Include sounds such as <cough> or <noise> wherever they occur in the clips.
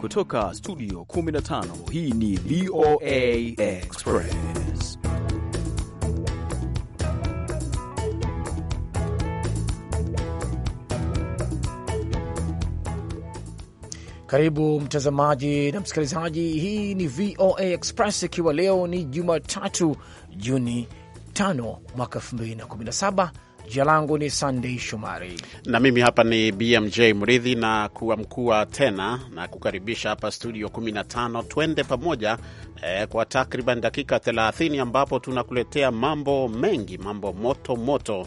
Kutoka studio 15 hii ni VOA Express. Karibu mtazamaji na msikilizaji, hii ni VOA Express ikiwa leo ni Jumatatu Juni 5 mwaka 2017 Jina langu ni Sandei Shomari na mimi hapa ni BMJ Mridhi, na kuwa kuamkua tena na kukaribisha hapa studio 15. Twende pamoja eh, kwa takriban dakika 30 ambapo tunakuletea mambo mengi, mambo moto moto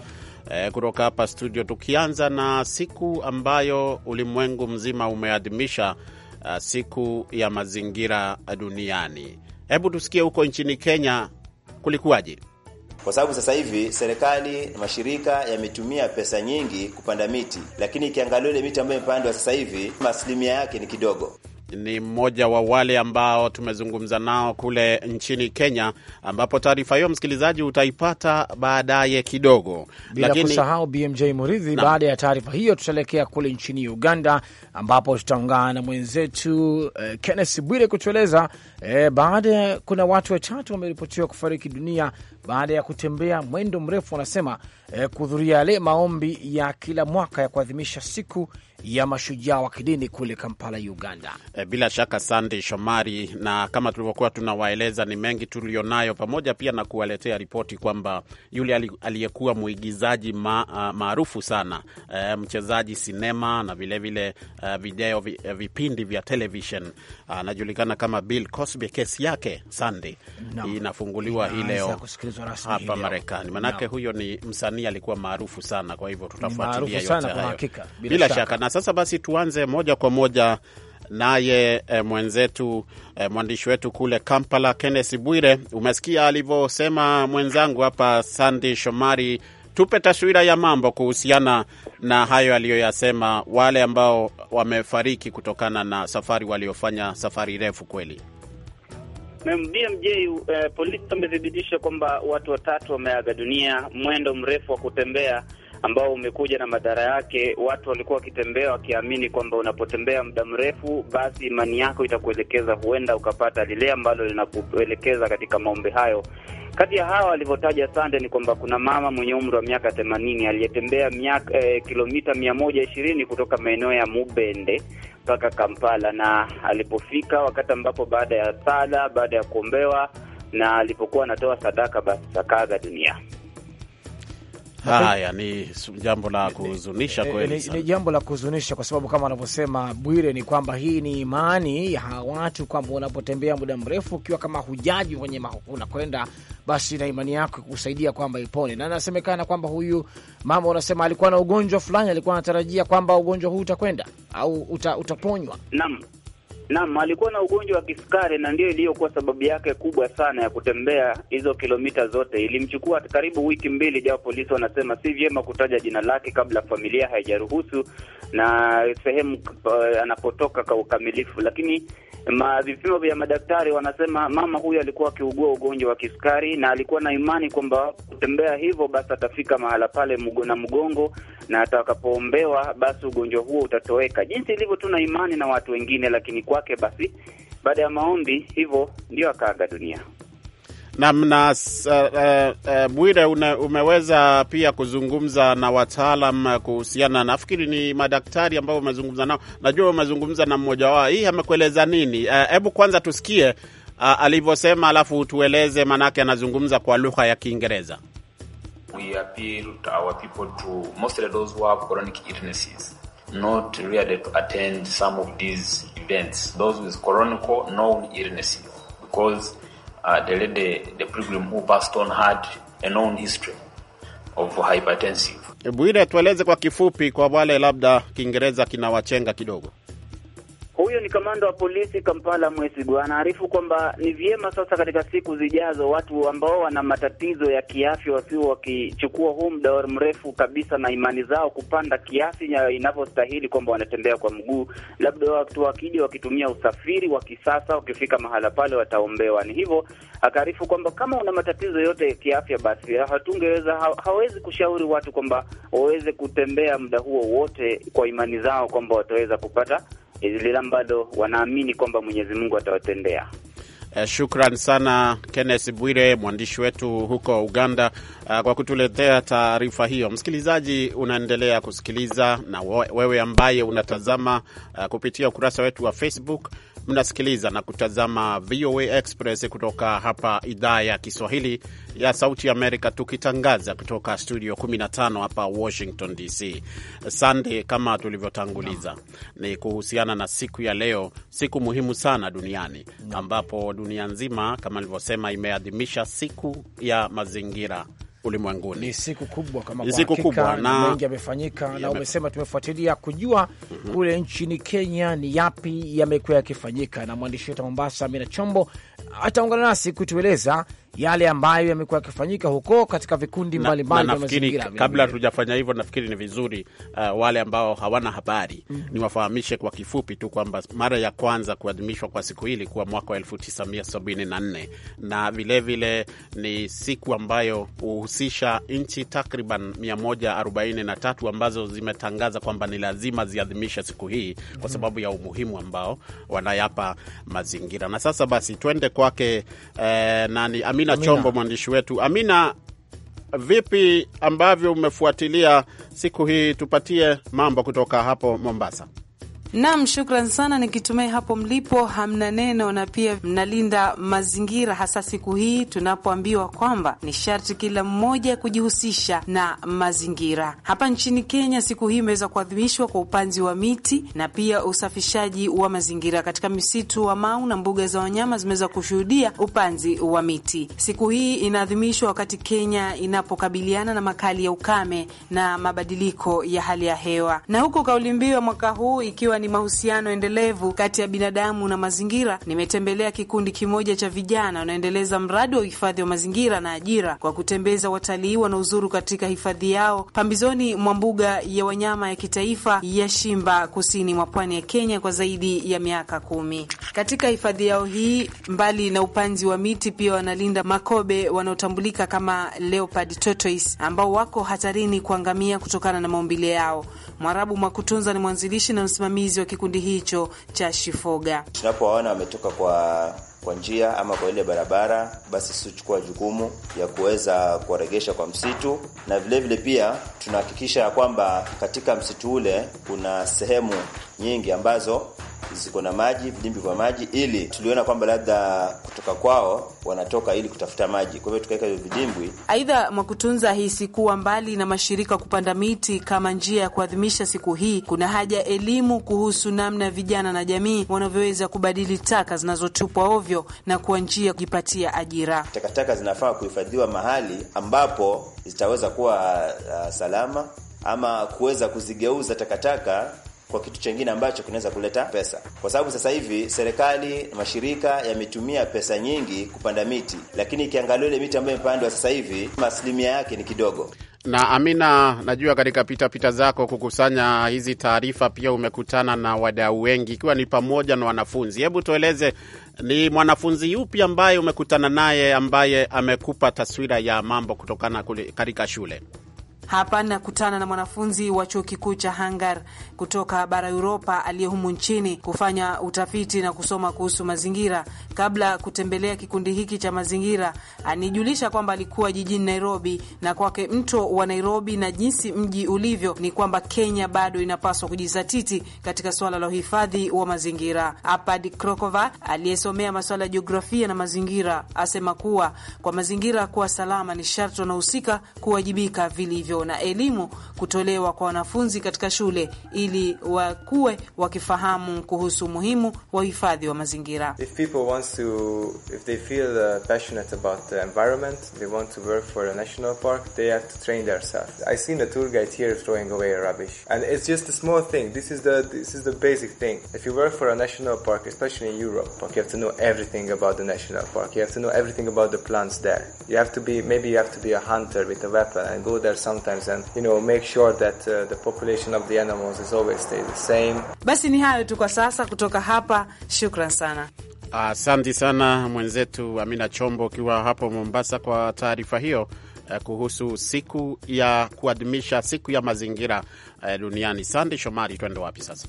eh, kutoka hapa studio, tukianza na siku ambayo ulimwengu mzima umeadhimisha uh, siku ya mazingira duniani. Hebu tusikie huko nchini Kenya kulikuwaje? kwa sababu sasa hivi serikali na mashirika yametumia pesa nyingi kupanda miti, lakini ikiangalia ile miti ambayo imepandwa sasa hivi asilimia yake ni kidogo. Ni mmoja wa wale ambao tumezungumza nao kule nchini Kenya, ambapo taarifa hiyo msikilizaji utaipata baadaye kidogo, bila lakini... kusahau BMJ Muridhi. Baada ya taarifa hiyo, tutaelekea kule nchini Uganda, ambapo tutaungana na mwenzetu eh, Kenneth Bwire kutueleza eh, baada ya kuna watu watatu wameripotiwa kufariki dunia baada ya kutembea mwendo mrefu, wanasema eh, kuhudhuria yale maombi ya kila mwaka ya kuadhimisha siku ya mashujaa wa kidini kule Kampala, Uganda. E, bila shaka Sandey Shomari, na kama tulivyokuwa tunawaeleza ni mengi tuliyonayo, pamoja pia na kuwaletea ripoti kwamba yule aliyekuwa mwigizaji maarufu sana e, mchezaji sinema na vilevile vile, uh, video vi, uh, vipindi vya televishen anajulikana uh, kama Bill Cosby. Kesi yake Sandey inafunguliwa hii leo hapa Marekani, manake huyo ni msanii alikuwa maarufu sana, kwa hivyo tutafuatilia yote hayo bila shaka. Na sasa basi tuanze moja kwa moja naye e, mwenzetu e, mwandishi wetu kule Kampala, kennesi Bwire. Umesikia alivyosema mwenzangu hapa Sandi Shomari. Tupe taswira ya mambo kuhusiana na hayo aliyoyasema wale ambao wamefariki kutokana na safari waliofanya, safari refu kweli. BMJ eh, polisi wamethibitisha kwamba watu watatu wameaga dunia mwendo mrefu wa kutembea ambao umekuja na madhara yake. Watu walikuwa wakitembea wakiamini kwamba unapotembea muda mrefu, basi imani yako itakuelekeza, huenda ukapata lile ambalo linakuelekeza katika maombi hayo. Kati ya hawa walivyotaja Sande ni kwamba kuna mama mwenye umri wa miaka themanini aliyetembea miaka eh, kilomita mia moja ishirini kutoka maeneo ya Mubende mpaka Kampala, na alipofika wakati ambapo baada ya sala, baada ya kuombewa na alipokuwa anatoa sadaka, basi akaga dunia. Haya ni jambo la kuhuzunisha kweli, ni jambo la kuhuzunisha kwa sababu kama wanavyosema Bwire ni kwamba hii ni imani ya watu kwamba unapotembea muda mrefu ukiwa kama hujaji kwenye unakwenda, basi na imani yako kusaidia kwamba ipone. Na nasemekana kwamba huyu mama unasema alikuwa na ugonjwa fulani, alikuwa anatarajia kwamba ugonjwa huu utakwenda au uta, utaponywa. Naam. Naam, alikuwa na ugonjwa wa kisukari na ndio iliyokuwa sababu yake kubwa sana ya kutembea hizo kilomita zote. Ilimchukua karibu wiki mbili, japo polisi wanasema si vyema kutaja jina lake kabla familia haijaruhusu na sehemu uh, anapotoka kwa ukamilifu, lakini vipimo vya madaktari wanasema mama huyu alikuwa akiugua ugonjwa wa kisukari na alikuwa na imani kwamba kutembea hivyo basi atafika mahala pale mgo, na mgongo na atakapoombewa basi ugonjwa huo utatoweka, jinsi ilivyo tuna imani na watu wengine, lakini kwake, basi baada ya maombi hivyo ndio akaaga dunia. Naam na uh, uh, uh Bwire, umeweza pia kuzungumza na wataalam kuhusiana, nafikiri ni madaktari ambao umezungumza nao, najua umezungumza na mmoja wao. Hii amekueleza nini? Uh, hebu uh, kwanza tusikie uh, alivyosema, alafu tueleze, maanake anazungumza kwa lugha ya Kiingereza. not really to attend some of these events, those with chronic known illnesses, because uh, the lady, the pilgrim who passed on had a known history of hypertensive. Bwire, tueleze kwa kifupi, kwa wale labda Kiingereza kinawachenga kidogo. Huyo ni kamanda wa polisi Kampala, Mwesigwa, anaarifu kwamba ni vyema sasa katika siku zijazo watu ambao wana matatizo ya kiafya wasio wakichukua huu muda mrefu kabisa na imani zao kupanda kiasi inavyostahili, kwamba wanatembea kwa mguu, labda watu wakija wakitumia usafiri wa kisasa, wakifika mahala pale wataombewa. Ni hivyo, akaarifu kwamba kama una matatizo yote ya kiafya, basi hatungeweza ha, hawezi kushauri watu kwamba waweze kutembea muda huo wote kwa imani zao kwamba wataweza kupata ni lile ambalo wanaamini kwamba Mwenyezi Mungu atawatendea. Eh, shukran sana Kenneth Bwire, mwandishi wetu huko Uganda, uh, kwa kutuletea taarifa hiyo. Msikilizaji, unaendelea kusikiliza na wewe ambaye unatazama uh, kupitia ukurasa wetu wa Facebook mnasikiliza na kutazama VOA Express kutoka hapa idhaa ya Kiswahili ya Sauti Amerika, tukitangaza kutoka studio 15 hapa Washington DC. Sande, kama tulivyotanguliza, ni kuhusiana na siku ya leo, siku muhimu sana duniani, ambapo dunia nzima kama nilivyosema imeadhimisha siku ya mazingira ulimwenguni. Ni siku kubwa kama kwa siku kubwa na mengi yamefanyika na, umesema tumefuatilia kujua mhm. kule nchini Kenya ni yapi yamekuwa yakifanyika, na mwandishi wetu wa Mombasa Amina Chombo ataungana nasi kutueleza yale ambayo yamekuwa yakifanyika huko katika vikundi mbalimbali vya mazingira. Kabla hatujafanya hivyo, nafikiri ni vizuri uh, wale ambao hawana habari mm -hmm. niwafahamishe kwa kifupi tu kwamba mara ya kwanza kuadhimishwa kwa siku hii ilikuwa mwaka wa 1974 na vilevile ni siku ambayo huhusisha nchi takriban 143 ambazo zimetangaza kwamba ni lazima ziadhimishe siku hii mm -hmm. kwa sababu ya umuhimu ambao wanayapa mazingira. Na sasa basi tuende kwake eh, nani Amina, Amina Chombo, mwandishi wetu. Amina, vipi ambavyo umefuatilia siku hii, tupatie mambo kutoka hapo Mombasa. Naam, shukran sana, nikitumai hapo mlipo hamna neno na pia mnalinda mazingira, hasa siku hii tunapoambiwa kwamba ni sharti kila mmoja kujihusisha na mazingira. Hapa nchini Kenya siku hii imeweza kuadhimishwa kwa upanzi wa miti na pia usafishaji wa mazingira. Katika misitu wa Mau na mbuga za wanyama zimeweza kushuhudia upanzi wa miti. Siku hii inaadhimishwa wakati Kenya inapokabiliana na makali ya ukame na mabadiliko ya hali ya hewa, na huku kauli mbiu ya mwaka huu ikiwa ni mahusiano endelevu kati ya binadamu na mazingira, nimetembelea kikundi kimoja cha vijana wanaendeleza mradi wa uhifadhi wa mazingira na ajira kwa kutembeza watalii wanaozuru katika hifadhi yao pambizoni mwa mbuga ya wanyama ya kitaifa ya Shimba kusini mwa pwani ya Kenya kwa zaidi ya miaka kumi. Katika hifadhi yao hii, mbali na upanzi wa miti, pia wanalinda makobe wanaotambulika kama leopard tortoise ambao wako hatarini kuangamia kutokana na maumbile yao. Mwarabu Mwakutunza ni mwanzilishi na msimamizi mkurugenzi wa kikundi hicho cha Shifoga. Tunapowaona wametoka kwa kwa njia ama kwa ile barabara, basi sisi huchukua jukumu ya kuweza kuwaregesha kwa msitu, na vilevile vile pia tunahakikisha ya kwamba katika msitu ule kuna sehemu nyingi ambazo ziko na maji, vidimbi vya maji, ili tuliona kwamba labda kutoka kwao wanatoka ili kutafuta maji, kwa hivyo tukaweka hiyo vidimbwi. Aidha, Mwakutunza hisi kuwa mbali na mashirika kupanda miti kama njia ya kuadhimisha siku hii, kuna haja elimu kuhusu namna vijana na jamii wanavyoweza kubadili taka zinazotupwa ovyo na kuwa njia kujipatia ajira. Takataka zinafaa kuhifadhiwa mahali ambapo zitaweza kuwa uh, salama ama kuweza kuzigeuza takataka kwa kitu chengine ambacho kinaweza kuleta pesa, kwa sababu sasa hivi serikali na mashirika yametumia pesa nyingi kupanda miti, lakini ikiangalia ile miti ambayo imepandwa sasa hivi asilimia yake ni kidogo. Na Amina, najua katika pitapita zako kukusanya hizi taarifa pia umekutana na wadau wengi, ikiwa ni pamoja na wanafunzi. Hebu tueleze ni mwanafunzi yupi ambaye umekutana naye ambaye amekupa taswira ya mambo kutokana katika shule? Hapa nakutana na mwanafunzi wa chuo kikuu cha Hangar kutoka bara Uropa aliye humu nchini kufanya utafiti na kusoma kuhusu mazingira. Kabla ya kutembelea kikundi hiki cha mazingira, anijulisha kwamba alikuwa jijini Nairobi, na kwake mto wa Nairobi na jinsi mji ulivyo ni kwamba Kenya bado inapaswa kujizatiti katika suala la uhifadhi wa mazingira. Apad Krokova aliyesomea masuala ya jiografia na mazingira asema kuwa kwa mazingira kuwa salama ni sharti wanahusika kuwajibika vilivyo. If people want to, if they feel uh, passionate about the environment, they want to work for a national park, they have to train themselves. I seen the tour guide here throwing away rubbish. And it's just a small thing. This is the, this is the basic thing. If you work for a national park, especially in Europe, you have to know everything about the national park. You have to know everything about the plants there. You have to be, maybe you have to be a hunter with a weapon and go there some sometimes and you know make sure that uh, the population of the animals is always stays the same. Basi ni hayo tu kwa sasa kutoka hapa, shukran sana. Asante uh, sana mwenzetu Amina Chombo ukiwa hapo Mombasa kwa taarifa hiyo eh, kuhusu siku ya kuadhimisha siku ya mazingira eh, duniani. Sande Shomari, twende wapi sasa?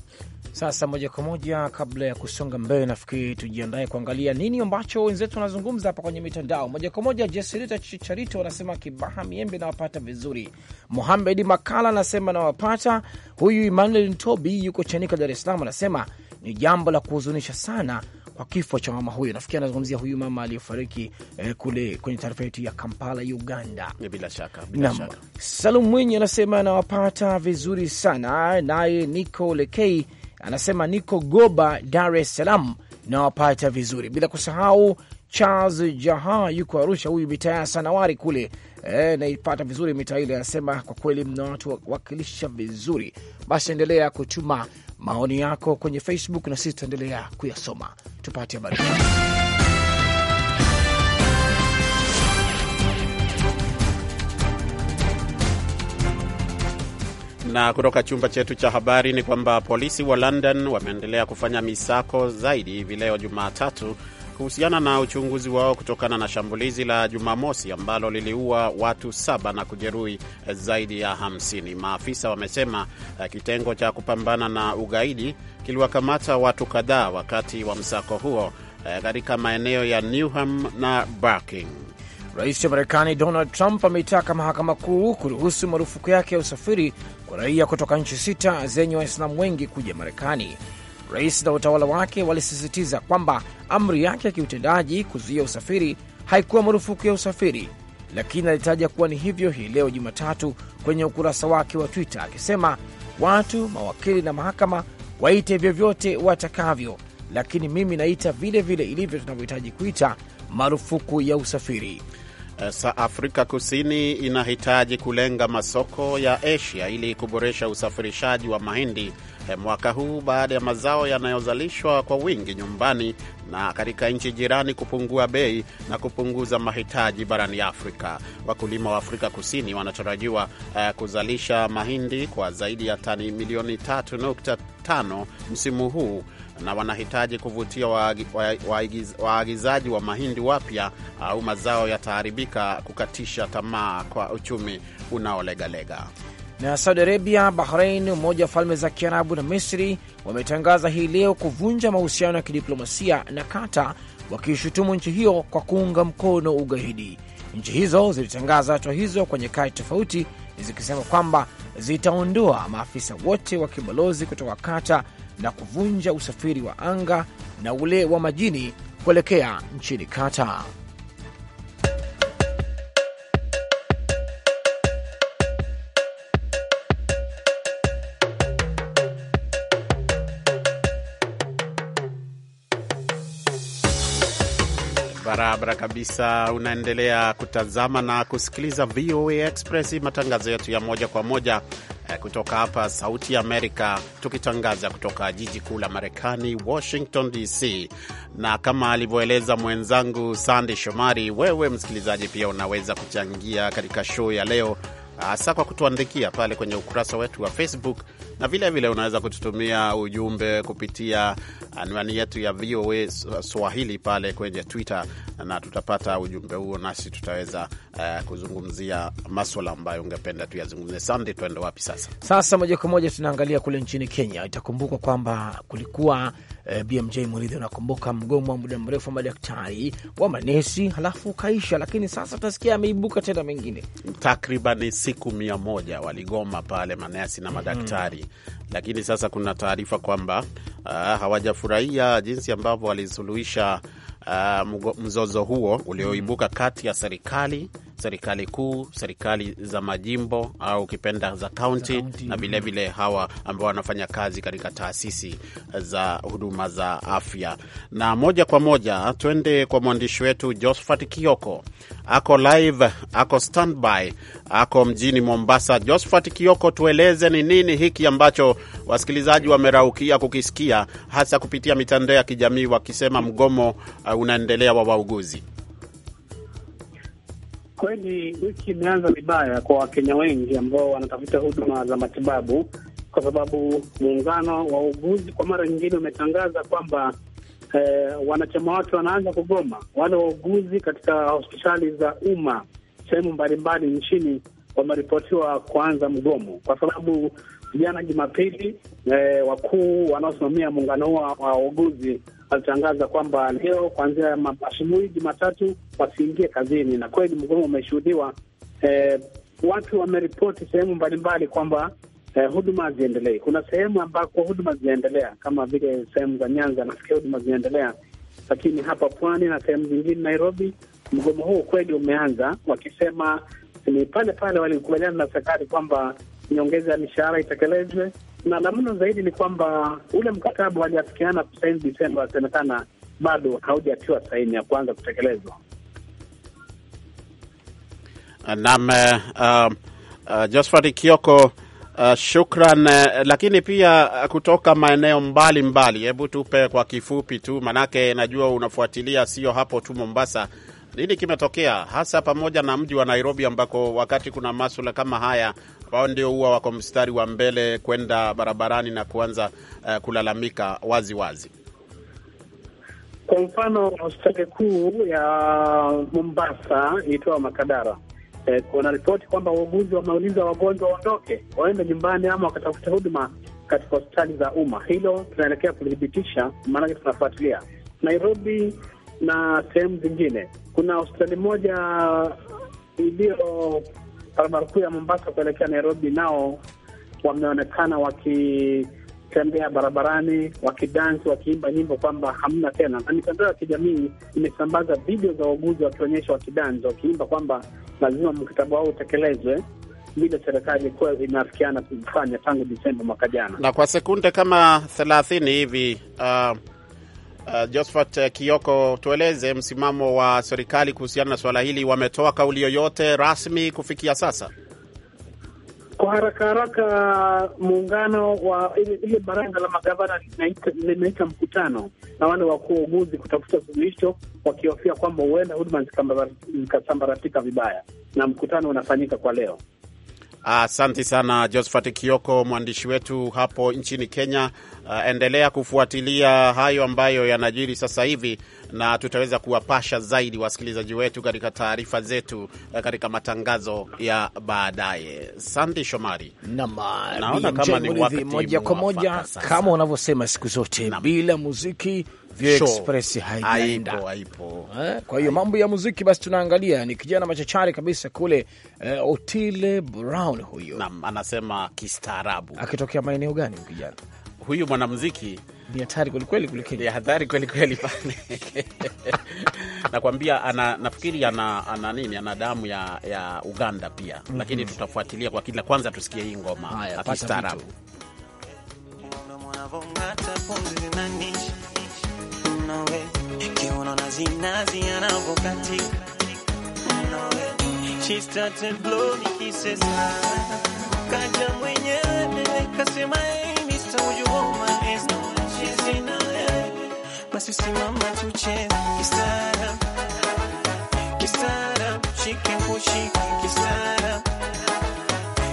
Sasa moja kwa moja, kabla ya kusonga mbele, nafikiri tujiandae kuangalia nini ambacho wenzetu wanazungumza hapa kwenye mitandao. Moja kwa moja, Jesirita Chicharito anasema Kibaha Miembe nawapata vizuri. Muhamedi Makala anasema nawapata. Huyu Emmanuel Ntobi yuko Chanika, Dar es Salaam, anasema ni jambo la kuhuzunisha sana kwa kifo cha mama huyo. Nafikiri anazungumzia huyu mama aliyefariki eh, kule kwenye taarifa yetu ya Kampala, Uganda. Bila shaka, bila shaka. Salum Mwinyi anasema anawapata vizuri sana. Naye Nico Lekei anasema niko Goba, Dar es Salaam, nawapata vizuri, bila kusahau Charles Jaha yuko Arusha, huyu mita ya Sanawari kule e, naipata vizuri mita ile. Anasema kwa kweli mna watu wakilisha vizuri. Basi endelea kutuma maoni yako kwenye Facebook na sisi tutaendelea kuyasoma. Tupate habari Na kutoka chumba chetu cha habari ni kwamba polisi wa London wameendelea kufanya misako zaidi hivi leo Jumatatu kuhusiana na uchunguzi wao kutokana na shambulizi la Jumamosi ambalo liliua watu saba na kujeruhi zaidi ya hamsini. Maafisa wamesema eh, kitengo cha kupambana na ugaidi kiliwakamata watu kadhaa wakati wa msako huo eh, katika maeneo ya Newham na Barking. Rais wa Marekani Donald Trump ameitaka mahakama kuu kuruhusu marufuku yake ya usafiri kwa raia kutoka nchi sita zenye Waislamu wengi kuja Marekani. Rais na utawala wake walisisitiza kwamba amri yake ya kiutendaji kuzuia usafiri haikuwa marufuku ya usafiri, lakini alitaja kuwa ni hivyo hii leo Jumatatu kwenye ukurasa wake wa Twitter akisema, watu, mawakili na mahakama waite vyovyote watakavyo, lakini mimi naita vile vile ilivyo tunavyohitaji kuita marufuku ya usafiri. Eh, sa Afrika Kusini inahitaji kulenga masoko ya Asia ili kuboresha usafirishaji wa mahindi mwaka huu baada ya mazao yanayozalishwa kwa wingi nyumbani na katika nchi jirani kupungua bei na kupunguza mahitaji barani Afrika. Wakulima wa Afrika Kusini wanatarajiwa uh, kuzalisha mahindi kwa zaidi ya tani milioni 3.5 msimu huu na wanahitaji kuvutia waagizaji wa, wa, wa, wa, wa mahindi wapya au mazao yataharibika, kukatisha tamaa kwa uchumi unaolegalega. Na Saudi Arabia, Bahrain, Umoja wa Falme za Kiarabu na Misri wametangaza hii leo kuvunja mahusiano ya kidiplomasia na Kata, wakiishutumu nchi hiyo kwa kuunga mkono ugaidi. Nchi hizo zilitangaza hatua hizo kwa nyakati tofauti, zikisema kwamba zitaondoa maafisa wote wa kibalozi kutoka Kata na kuvunja usafiri wa anga na ule wa majini kuelekea nchini Kata. barabara kabisa. Unaendelea kutazama na kusikiliza VOA Express, matangazo yetu ya moja kwa moja eh, kutoka hapa Sauti ya Amerika, tukitangaza kutoka jiji kuu la Marekani, Washington DC. Na kama alivyoeleza mwenzangu Sandi Shomari, wewe msikilizaji pia unaweza kuchangia katika show ya leo, hasa kwa kutuandikia pale kwenye ukurasa wetu wa Facebook na vilevile vile unaweza kututumia ujumbe kupitia anwani yetu ya VOA Swahili pale kwenye Twitter, na tutapata ujumbe huo, nasi tutaweza uh, kuzungumzia maswala ambayo ungependa tuyazungumzie. Sande, tuende wapi sasa? Sasa moja kwa moja tunaangalia kule nchini Kenya. Itakumbukwa kwamba kulikuwa eh, BMJ muridhi unakumbuka mgomo wa muda mrefu wa madaktari wa manesi, halafu ukaisha, lakini sasa utasikia ameibuka tena mengine. Takriban siku mia moja waligoma pale manesi na madaktari mm. Lakini sasa kuna taarifa kwamba uh, hawajafurahia jinsi ambavyo walisuluhisha uh, mzozo huo ulioibuka hmm. kati ya serikali serikali kuu, serikali za majimbo au ukipenda za kaunti, na vilevile hawa ambao wanafanya kazi katika taasisi za huduma za afya. Na moja kwa moja twende kwa mwandishi wetu Josphat Kioko, ako live, ako standby, ako mjini Mombasa. Josphat Kioko, tueleze ni nini hiki ambacho wasikilizaji wameraukia kukisikia, hasa kupitia mitandao ya kijamii wakisema mgomo uh, unaendelea wa wauguzi? Kweli wiki imeanza vibaya kwa Wakenya wengi ambao wanatafuta huduma za matibabu, kwa sababu muungano wa uuguzi kwa mara nyingine umetangaza kwamba eh, wanachama wake wanaanza kugoma. Wale wauguzi katika hospitali za umma sehemu mbalimbali nchini wameripotiwa kuanza mgomo kwa sababu jana Jumapili, eh, wakuu wanaosimamia muungano huo wa wauguzi alitangaza kwamba leo kuanzia asubuhi Jumatatu wasiingie kazini, na kweli mgomo umeshuhudiwa. Eh, watu wameripoti sehemu mbalimbali kwamba eh, huduma haziendelei. Kuna sehemu ambako huduma zinaendelea kama vile sehemu za Nyanza, nafikia huduma zinaendelea, lakini hapa pwani na sehemu zingine Nairobi, mgomo huu kweli umeanza, wakisema ni pale pale walikubaliana na serikali kwamba nyongeza ya mishahara itekelezwe na la mno zaidi ni kwamba ule mkataba waliafikiana kusaini Desemba wasemekana bado haujatiwa saini ya kuanza kutekelezwa. Naam, uh, uh, Josphat Kioko, uh, shukran. Lakini pia kutoka maeneo mbalimbali, hebu tupe kwa kifupi tu, manake najua unafuatilia, sio hapo tu Mombasa. Nini kimetokea hasa, pamoja na mji wa Nairobi ambako wakati kuna maswala kama haya wao ndio huwa wako mstari wa mbele kwenda barabarani na kuanza uh, kulalamika wazi wazi. Kwa mfano hospitali kuu ya Mombasa itoa Makadara eh, kuna ripoti kwamba wauguzi wameuliza wagonjwa waondoke waende nyumbani ama wakatafuta huduma katika hospitali za umma. Hilo tunaelekea kulithibitisha, maanake tunafuatilia Nairobi na sehemu zingine. Kuna hospitali moja iliyo barabara kuu ya Mombasa kuelekea Nairobi, nao wameonekana wakitembea barabarani, wakidansi, wakiimba nyimbo kwamba hamna tena. Na mitandao ya kijamii imesambaza video za wauguzi wakionyesha wakidansi, wakiimba kwamba lazima mkataba wao utekelezwe vile serikali kuwa inafikiana kufanya tangu Desemba mwaka jana. Na kwa sekunde kama thelathini hivi uh... Uh, Josphat uh, Kioko, tueleze msimamo wa serikali kuhusiana na suala hili. Wametoa kauli yoyote rasmi kufikia sasa? Kwa haraka haraka, muungano wa ile baraza la magavana limeita mkutano na wale wakuu wa uguzi kutafuta suluhisho, wakihofia kwamba huenda huduma zikasambaratika vibaya, na mkutano unafanyika kwa leo. Asante uh, sana Josphat Kioko, mwandishi wetu hapo nchini Kenya. Uh, endelea kufuatilia hayo ambayo yanajiri sasa hivi, na tutaweza kuwapasha zaidi wasikilizaji wetu katika taarifa zetu uh, katika matangazo ya baadaye. Sandi Shomari, uh, naona kama ni wakati moja kwa moja, kama unavyosema siku zote, bila muziki Express haipo, haipo. Ha? Eh, kwa hiyo mambo ya muziki basi tunaangalia ni kijana machachari kabisa kule uh, eh, Otile Brown huyo. na, anasema kistaarabu. Akitokea maeneo gani kijana? Huyu mwanamuziki ni hatari kweli kweli kule Kenya. hatari kweli kweli pale. <laughs> Nakwambia ana nafikiri ana, ana nini ana damu ya, ya Uganda pia. Mm -hmm. Lakini tutafuatilia kwa kila kwanza tusikie hii ngoma ya kistaarabu. Mnowe kiuno na zinazi Mnowe she started blow me kisses kaja mwenyewe kasema hey Mr. would you hold my hand she's in basi simama tucheze kisara kisara she can push kisara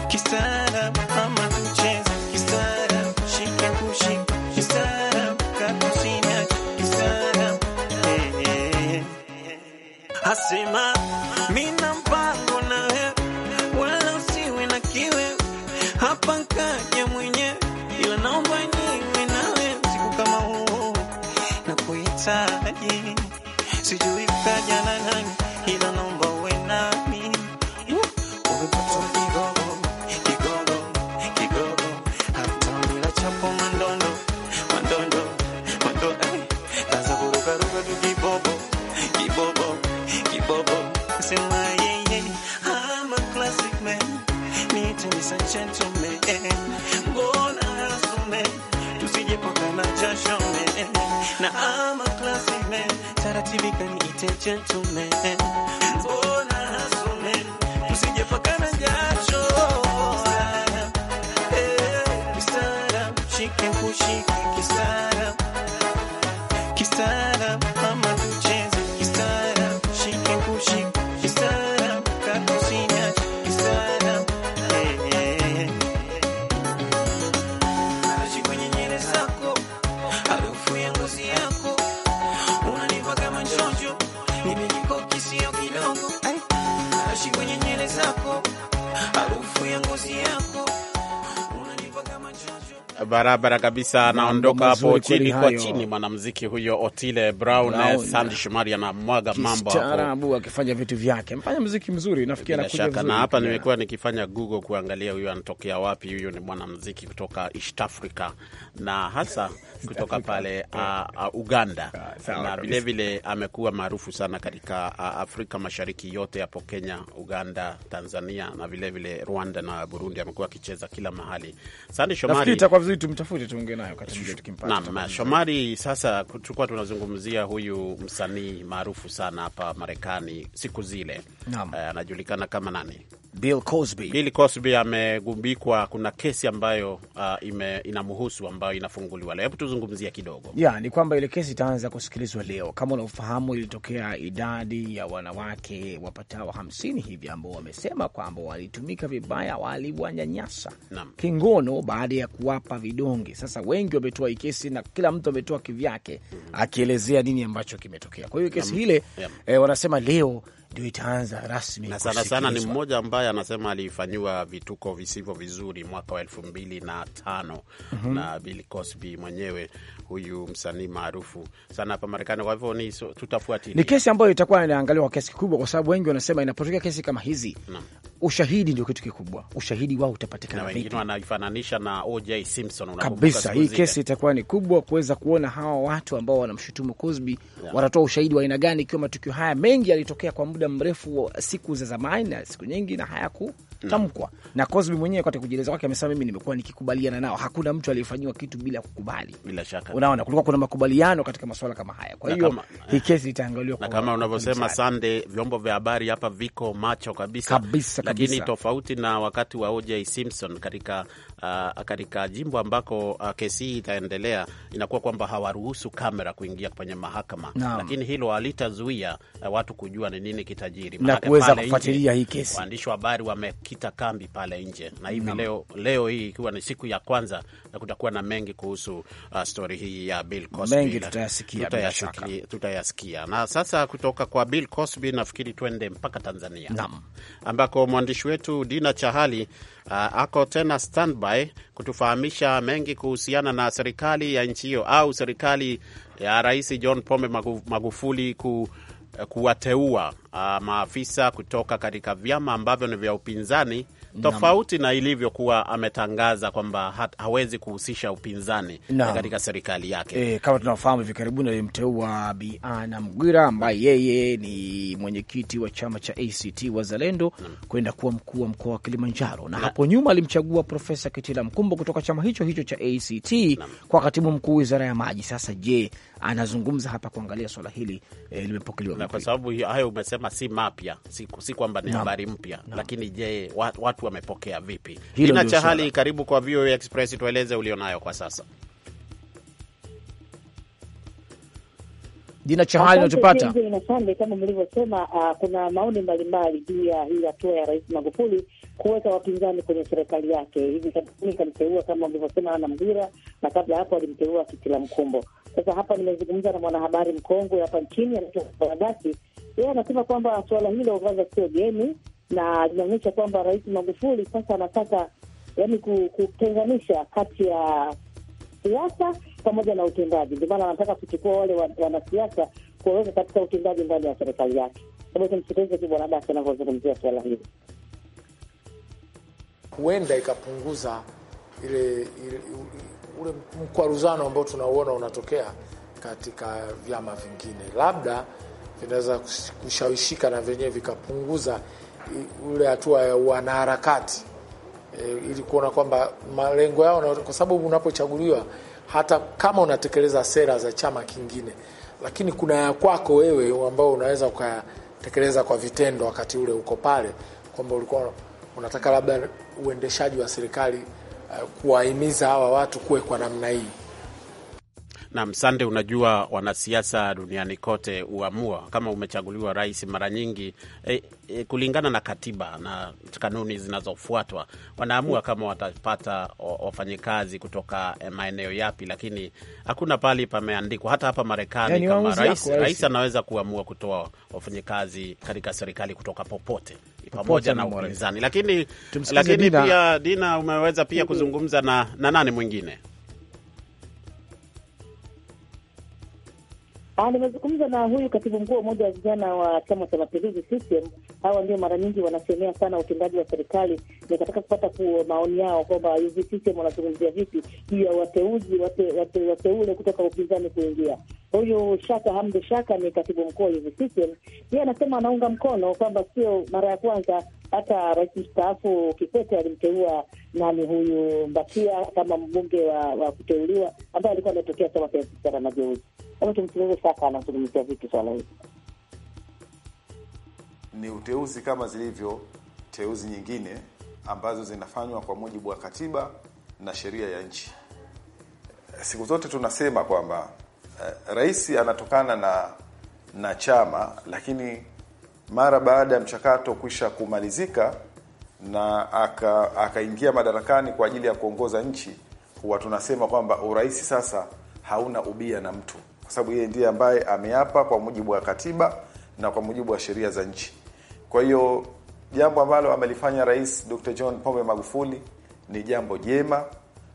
kisara asema mina mpango nawe, wala usiwe na kiwe hapa nkaja mwenyewe, ila naomba niwe nawe siku kama huu na kuhitaji sijui kaja na nani na I'm a classy man, tarativika niite gentleman, mbona hasome usijepakana jacho eh, kistaarabu eh, shike kushike kistaarabu barabara kabisa, anaondoka hapo chini kwa chini. mwanamziki huyo Otile eh, Brown, Sandy Shomari anamwaga mambo hapo, akifanya vitu vyake, mfanya mziki mzuri, nafikiri anakuja vizuri. Na hapa nimekuwa nikifanya google kuangalia huyo anatokea wapi. huyo ni mwanamziki kutoka East Africa na hasa kutoka pale uh, uh, Uganda ah, na vilevile amekuwa maarufu sana katika uh, Afrika Mashariki yote hapo Kenya, Uganda, Tanzania na vilevile Rwanda na Burundi, amekuwa akicheza kila mahali. Sandy Shomari tumtafute tuongee nayo tukimpata. Shomari, sasa tulikuwa tunazungumzia huyu msanii maarufu sana hapa Marekani siku zile, eh, anajulikana uh, kama nani? Bill Cosby. Bill Cosby amegubikwa, kuna kesi ambayo uh, inamhusu ambayo inafunguliwa leo. Hebu tuzungumzia kidogo ya, ni kwamba ile kesi itaanza kusikilizwa leo. Kama unaofahamu, ilitokea idadi ya wanawake wapatao hamsini hivi ambao wamesema kwamba walitumika vibaya, waliwanyanyasa kingono baada ya kuwapa vidonge. Sasa wengi wametoa hii kesi na kila mtu ametoa kivyake, mm -hmm. akielezea nini ambacho kimetokea. Kwa hiyo kesi Nam. ile yeah. eh, wanasema leo ndio itaanza rasmi na sana sana. Ni mmoja ambaye anasema alifanyiwa vituko visivyo vizuri mwaka wa elfu mbili na tano mm -hmm. na Bill Cosby mwenyewe, huyu msanii maarufu sana hapa Marekani. Kwa hivyo ni so, tutafuatilia, ni kesi ambayo itakuwa inaangaliwa kwa kiasi kikubwa, kwa sababu wengi wanasema inapotokea kesi kama hizi na ushahidi ndio kitu kikubwa. Ushahidi wao utapatikana vipi? Wengine wanaifananisha na O.J. Simpson, kabisa. Hii kesi itakuwa ni kubwa kuweza kuona hawa watu ambao wanamshutumu Cosby yeah. watatoa ushahidi wa aina gani, ikiwa matukio haya mengi yalitokea kwa muda muda mrefu wa siku za zamani na siku nyingi na hayakutamkwa mm. Na Cosby mwenyewe katika kujieleza kwake amesema, mimi nimekuwa nikikubaliana nao, hakuna mtu aliyefanyiwa kitu bila kukubali. Bila shaka, unaona kulikuwa kuna makubaliano katika masuala kama haya. Kwa hiyo hii kesi itaangaliwa kwa kama unavyosema Sande, vyombo vya habari hapa viko macho kabisa kabisa, kabisa. Lakini tofauti na wakati wa OJ Simpson katika uh, katika jimbo ambako uh, kesi hii itaendelea, inakuwa kwamba hawaruhusu kamera kuingia kwenye mahakama Naam. Lakini hilo halitazuia uh, watu kujua ni nini kitajiri na kuweza kufuatilia hii kesi. Waandishi wa habari wamekita kambi pale nje, na hivi leo, leo hii ikiwa ni siku ya kwanza, na kutakuwa na mengi kuhusu uh, stori hii ya Bill Cosby. Mengi tutayasikia, tutayasikia, tutayasikia. Na sasa kutoka kwa Bill Cosby nafikiri tuende mpaka Tanzania Naam. ambako mwandishi wetu Dina Chahali uh, ako tena standby kutufahamisha mengi kuhusiana na serikali ya nchi hiyo au serikali ya Rais John Pombe Magufuli ku kuwateua uh, maafisa kutoka katika vyama ambavyo ni vya upinzani tofauti na ilivyokuwa ametangaza kwamba hawezi kuhusisha upinzani na katika serikali yake. E, kama tunafahamu hivi karibuni alimteua Bi Anna ambaye yeye ni mwenyekiti wa chama cha ACT Wazalendo kwenda kuwa mkuu wa mkoa wa Kilimanjaro, na, na hapo nyuma alimchagua Profesa Kitila Mkumbo kutoka chama hicho hicho cha ACT na kwa katibu mkuu wizara ya maji. Sasa je, anazungumza hapa kuangalia swala hili e, limepokelewa kwa sababu hayo umesema si mapya, si, si kwamba ni habari mpya, lakini je watu watu wamepokea vipi? Dina Chahali, karibu kwa VOA Express, tueleze ulionayo kwa sasa. Dina Chahali, natupata Sande. Kama mlivyosema, uh, kuna maoni mbalimbali juu ya hii hatua ya Rais Magufuli kuweka wapinzani kwenye serikali yake. Hivi karibuni kamteua kama ulivyosema Ana Mghwira, na kabla hapo alimteua Kitila Mkumbo. Sasa hapa nimezungumza na mwanahabari mkongwe hapa nchini anaitwa Mbaragati, yeye anasema kwamba suala hilo kwanza sio geni, na zinaonyesha kwamba Rais Magufuli sasa anataka yani kutenganisha kati ya siasa pamoja na utendaji. Ndio maana anataka kuchukua wale wanasiasa kuwaweka katika utendaji ndani ya serikali yake. Hebu tumsikilize tu Bwana Dasi anavyozungumzia suala hili. Huenda ikapunguza ile, ile ule mkwaruzano ambao tunauona unatokea katika vyama vingine, labda vinaweza kushawishika na vyenyewe vikapunguza ule hatua ya wanaharakati e, ili kuona kwamba malengo yao, kwa sababu unapochaguliwa hata kama unatekeleza sera za chama kingine, lakini kuna ya kwako wewe ambao unaweza ukatekeleza kwa vitendo wakati ule uko pale, kwamba ulikuwa unataka labda uendeshaji wa serikali uh, kuwahimiza hawa watu kuwe kwa namna hii. Na msande, unajua wanasiasa duniani kote huamua kama umechaguliwa rais, mara nyingi eh, eh, kulingana na katiba na kanuni zinazofuatwa wanaamua kama watapata wafanyikazi kutoka eh, maeneo yapi, lakini hakuna pali pameandikwa. Hata hapa Marekani yani, kama rais, rais anaweza kuamua kutoa wafanyikazi katika serikali kutoka popote pamoja na upinzani, lakini, lakini Dina. Pia Dina umeweza pia kuzungumza na, na nani mwingine Ah, nimezungumza na huyu katibu mkuu wa umoja wa vijana wa chama cha mapinduzi CCM. Hawa ndio mara nyingi wanasemea sana utendaji wa serikali. Nikataka kupata maoni yao kwamba CCM wanazungumzia vipi juu ya wateuzi wate, wate, wateule kutoka upinzani kuingia. Huyu Shaka Hamdu Shaka ni katibu mkuu wa CCM, yeye anasema anaunga mkono kwamba sio mara ya kwanza hata rais mstaafu Kikwete alimteua nani huyu Mbakia kama mbunge wa, wa kuteuliwa ambaye alikuwa ametokea chama cha Sara Mageuzi. Kama tumsikilize Saka anazungumzia vipi swala hili. Ni uteuzi kama zilivyo teuzi nyingine ambazo zinafanywa kwa mujibu wa katiba na sheria ya nchi. Siku zote tunasema kwamba eh, rais anatokana na na chama lakini mara baada ya mchakato kuisha kumalizika na akaingia aka madarakani kwa ajili ya kuongoza nchi, huwa tunasema kwamba urais sasa hauna ubia na mtu, kwa sababu yeye ndiye ambaye ameapa kwa mujibu wa katiba na kwa mujibu wa sheria za nchi. Kwa hiyo jambo ambalo amelifanya Rais Dr. John Pombe Magufuli ni jambo jema,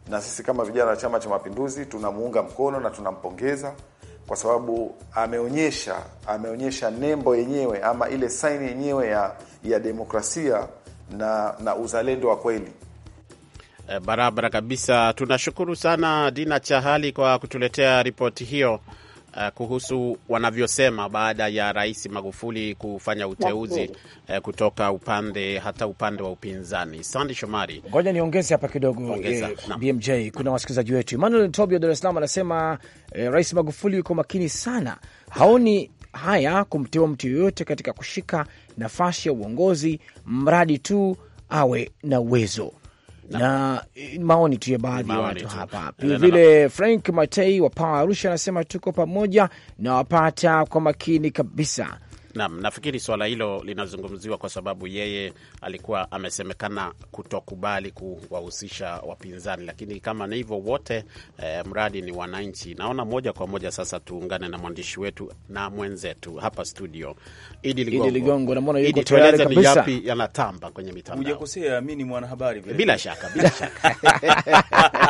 na sisi kama vijana wa Chama cha Mapinduzi tunamuunga mkono na tunampongeza kwa sababu ameonyesha ameonyesha nembo yenyewe ama ile saini yenyewe ya ya demokrasia na na uzalendo wa kweli. E, barabara kabisa. Tunashukuru sana Dina Chahali kwa kutuletea ripoti hiyo uh, kuhusu wanavyosema baada ya Rais Magufuli kufanya uteuzi uh, kutoka upande hata upande wa upinzani. Sandi Shomari, ngoja niongeze hapa kidogo ongeza, eh, na. BMJ kuna wasikilizaji wetu Emmanuel Tobi wa Dar es Salaam anasema eh, Rais Magufuli yuko makini sana, haoni haya kumteua mtu yoyote katika kushika nafasi ya uongozi mradi tu awe na uwezo na, eh, maoni tu ya baadhi ya watu hapa vilevile. Frank Matei wa Pawa Arusha anasema tuko pamoja na wapata kwa makini kabisa Naam, nafikiri swala hilo linazungumziwa kwa sababu yeye alikuwa amesemekana kutokubali kuwahusisha wapinzani, lakini kama ni hivyo wote eh, mradi ni wananchi. Naona moja kwa moja sasa tuungane na mwandishi wetu na mwenzetu hapa studio Idi Ligongo. Namwona yuko tayari kabisa. ni yapi yanatamba kwenye mitandao. Hujakosea, mimi ni mwanahabari vile. Bila shaka, bila shaka.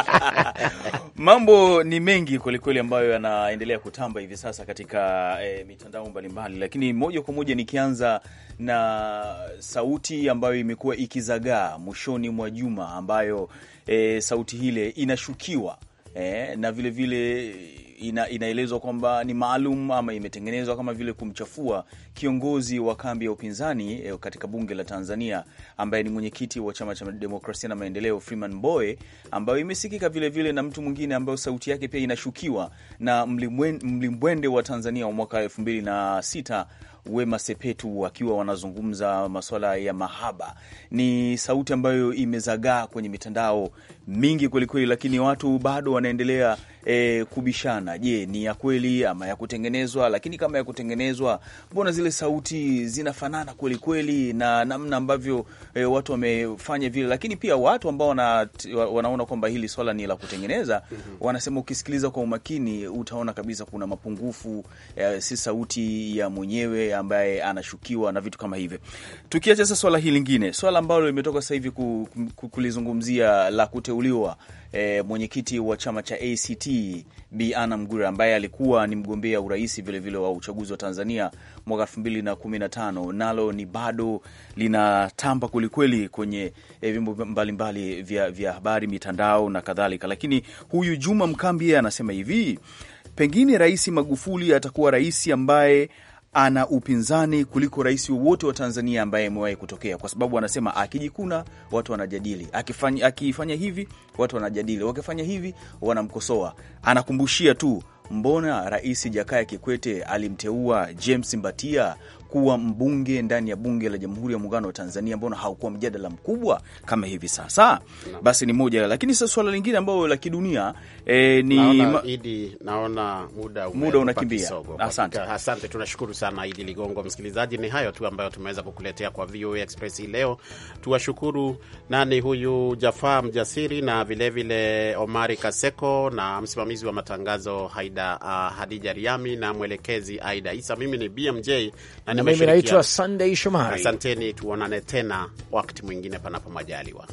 <laughs> Mambo ni mengi kwelikweli ambayo yanaendelea kutamba hivi sasa katika eh, mitandao mbalimbali, lakini moja moja kwa moja nikianza na sauti ambayo imekuwa ikizagaa mwishoni mwa juma ambayo e, sauti hile inashukiwa e, na vilevile ina, inaelezwa kwamba ni maalum ama imetengenezwa kama vile kumchafua kiongozi wa kambi ya upinzani e, katika bunge la Tanzania ambaye ni mwenyekiti wa chama cha demokrasia na maendeleo Freeman Mbowe, ambayo imesikika vilevile na mtu mwingine ambayo sauti yake pia inashukiwa na mlimbwende wa Tanzania wa mwaka elfu mbili na sita Wema Sepetu wakiwa wanazungumza maswala ya mahaba. Ni sauti ambayo imezagaa kwenye mitandao mingi kwelikweli, lakini watu bado wanaendelea e, kubishana. Je, ni ya kweli ama ya kutengenezwa? Lakini kama ya kutengenezwa, mbona zile sauti zinafanana kwelikweli na namna ambavyo e, watu wamefanya vile? Lakini pia watu ambao wana, wanaona kwamba hili swala ni la kutengeneza mhm. wanasema ukisikiliza kwa umakini utaona kabisa kuna mapungufu e, si sauti ya mwenyewe ambaye anashukiwa na vitu kama hivyo. Tukiacha sasa swala hili lingine, swala ambalo limetoka sasa hivi kulizungumzia la kuteuliwa e, mwenyekiti wa chama cha ACT Bi Anna Mghura ambaye alikuwa ni mgombea urais vilevile wa uchaguzi wa Tanzania mwaka elfu mbili na kumi na tano, nalo ni bado linatamba kwelikweli kwenye e, vyombo mbalimbali vya, vya habari, mitandao na kadhalika. Lakini huyu Juma Mkambi yeye anasema hivi, pengine Rais Magufuli atakuwa rais ambaye ana upinzani kuliko rais wowote wa Tanzania ambaye amewahi kutokea, kwa sababu anasema akijikuna watu wanajadili, akifanya, akifanya hivi watu wanajadili, wakifanya hivi wanamkosoa. Anakumbushia tu mbona Rais Jakaya Kikwete alimteua James Mbatia kuwa mbunge ndani ya bunge la Jamhuri ya Muungano wa Tanzania, mbona haukuwa mjadala mkubwa kama hivi sasa? Basi ni moja, lakini sasa swala lingine ambayo la kidunia e, ni naona, Idi, naona muda, muda unakimbia. Asante, asante, tunashukuru sana Idi Ligongo. Msikilizaji, ni hayo tu ambayo tumeweza kukuletea kwa VOA Express hii leo. Tuwashukuru nani huyu Jafaa Mjasiri na vilevile vile Omari Kaseko na msimamizi wa matangazo Haida uh, Hadija Riami na mwelekezi Aida Isa. Mimi ni BMJ na na mimi naitwa Sunday Shomari. Asanteni, tuonane tena wakati mwingine, panapo majaliwa.